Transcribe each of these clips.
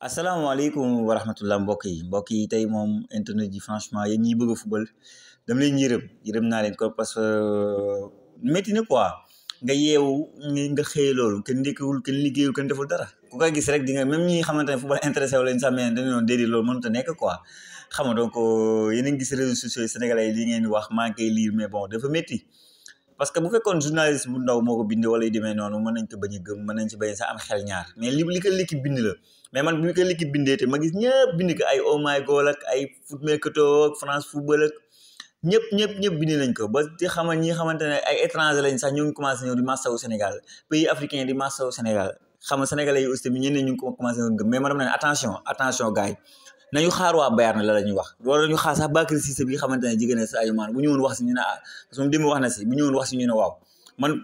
asalaamaaleykum wa rahmatullah mbokk yi mbokk yi tey moom internet ji franchement yéen ñiy bëgg a fubal dama leen yërëm yërëm naa leen ko parce que euh, métti na quoi nga yeewu nga xëy loolu kenn ndékkiwul kenn liggéeyul kenn deful dara ku ko gis rek di nga même ñi xamante ne fubal intéressé wu leen sax mais dañu doon déedéet loolu mënut a nekk quoi xam nga donc euh, yéen a ngi gis réseaux sociaux yi sénégalais yi li ngeen di wax maa ngi koy lire mais bon dafa métti parce que bu fekkoon journaliste bu ndaw moo ko bind wala yu demee noonu mën nañ ko bañ a gëm mën nañ ci bañ sa am xel ñaar mais li li ko l'équipe bind la mais man bind ko ay oh my god ak ay foot ñëpp ñëpp ñëpp bind nañ ko ba di xamal ñi xamante ne ay étranger lañ sax ñoo ngi commencé ñëw di massawu Sénégal pays africain di massawu Sénégal xam nga sénégalais yi aussi tamit ñeneen ñu ngi commencé gëm mais ma dama ne attention attention gars nañu xaar waa Bayern la la ñuy wax wala ñu xaar sax Bakary wax ah,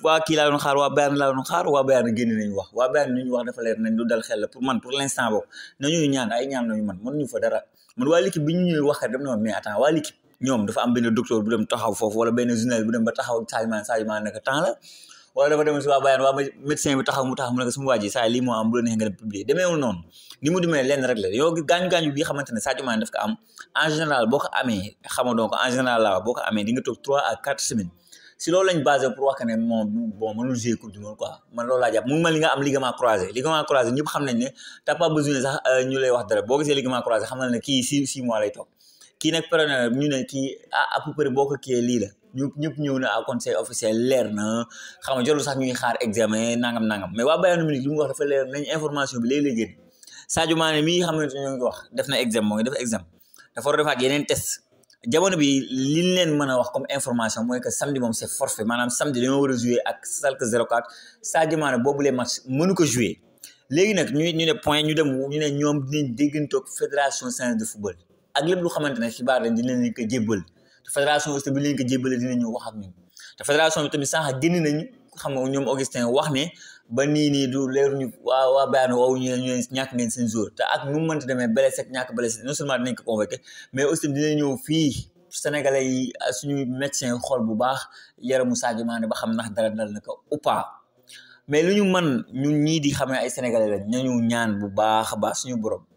waa kii xaar waa Bayern laa doon xaar waa Bayern génn nañu wax waa Bayern ñu wax dafa leer la man pour l'instant nañu ñaan ay ñaan nañu man mënuñu fa dara man waa l'équipe bi ñu ñëwee wax dem na mais attends waa l'équipe ñoom dafa am benn docteur bu dem taxaw foofu wala benn journal bu dem ba taxaw Sadio Mané Sadio Mané naka la wala dafa demee si waa Bayern waa médecin bi taxaw mu taxaw mu ne suma waa ji saa lii moo am bu la neexee nga dem publier demeewul noonu ni mu demee lenn rek la yow gaañu-gaañu bi xamante boo ko amee xama donc en général laa boo ko amee di nga toog trois à si loolu lañ basé pour wax que ne moom bon mënul jouer coupe du monde quoi man loolu laa jàpp mu ngi mel nga am ligament croisé ligament croisé ñëpp xam nañ ne t'as pas besoin sax euh, ñu lay wax dara boo gisee ligament croisé xam ne kii six six mois lay toog kii nag preneur ñu ne kii ah à peu près boo ko kiiyee lii la ñu ñëpp ñëw na à conseil officiel leer na xam nga jotul sax ñuy xaar examen nangam nangam mais waa Bayern Munich li mu wax dafa leer nañ information bi léeg-léeg génn Sadio xam ne ñu wax def na examen moo def examen dafa war a defaat yeneen test jamono bi li ñu leen mën a wax comme information mooy que samedi moom c'est forfait maanaam samedi dañoo war ak Schalke 04 Sadio Mané boobu les match mënu ko jouer léegi nag ñu ñu ne point ñu dem ñu ne ñoom dinañ déggantoog fédération sénégalaise de football ak lépp lu xamante ne xibaar lañ dinañ leen ko jébbal te fédération aussi bu leen ko jébbalee dinañu wax ak ñun te fédération bi tamit sànq génn nañu xam nga ñoom Augustin wax ne ba nii nii du leeruñu waa waa Bayern waaw ñu ñu ñàkk ngeen seen te ak nu mu mënti demee blessé ak ñàkk blessé non seulement dinañ ko mais aussi dinañ ñëw fii Sénégalais yi ah, suñu médecin xool bu baax yaramu Sadio Mané ba xam nax dara dal na ko ou pas mais lu ñu man ñu ñii di xamee ay Sénégalais lañ nañu ñaan bu baax a baax suñu borom.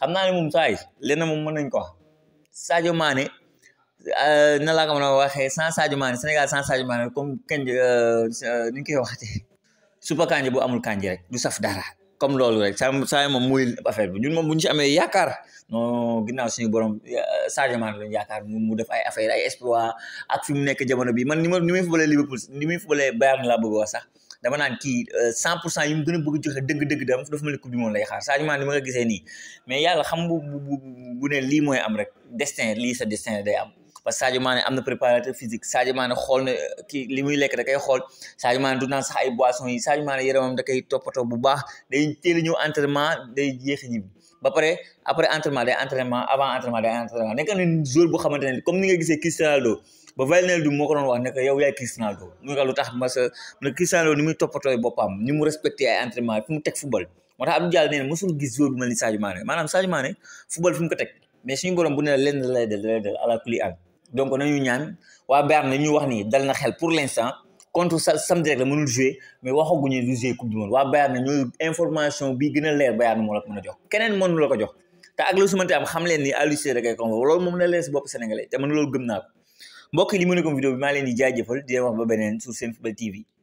xam naa ne moom saa yi lenn moom mën nañ ko wax Sadio Mané na laa ko mën a waxee sans Sadio Mané Sénégal sans Sadio Mané comme kanj ni ñu koy waxatee supa kanj bu amul kanj rek du saf dara comme loolu rek sa saa moom muy affaire bi ñun moom bu ñu ci amee yaakaar non ginnaaw suñu borom Sadio Mané lañu yaakaar mu def ay affaire ay exploit ak fi mu nekk jamono bi man ni ma ni muy fubalee Liverpool ni muy fubalee Bayern laa bëgg wax dama naan kii euh, cent pour cent yi mu gën bëgg joxe dëgg-dëgg dam dafa mel ni coupe du monde xaar Sadio ni ma ko gisee nii mais yàlla xam bu bu bu ne lii mooy am rek destin lii sa destin day am parce que Sadio Mané am na préparateur xool na kii li muy lekk da koy xool Sadio du naan sax ay boissons yi Sadio Mané da koy toppatoo bu baax day teel a ñëw entraînement day yéex a ñibbi ba pare boo xamante ne ni ne yow yaay Cristiano Ronaldo mu nga lu tax parce que ne Cristiano Ronaldo ni muy toppatoo ay entraînement fi mu teg football moo tax Abdou Diallo nee na gis joueur maanaam Sadio Mané football mu ko teg mais suñu borom bu ne la lenn lay del lay donc nañu ñaan waa Bayern li ñu wax nii dal na xel pour l'instant contre samedi rek la mënul jouer mais waxaguñu du jouer coupe du monde waa Bayern ñooy information bi gën a leer Bayern moo la ko mën a jox keneen mënu la jox te ak lu su am xam leen ni Aliou Cissé rek kon loolu moom la leer si bopp sénégalais te man gëm naa ko mbokk yi li mu nekkoon bi maa leen di jaajëfal di leen wax ba beneen sur Senfootball TV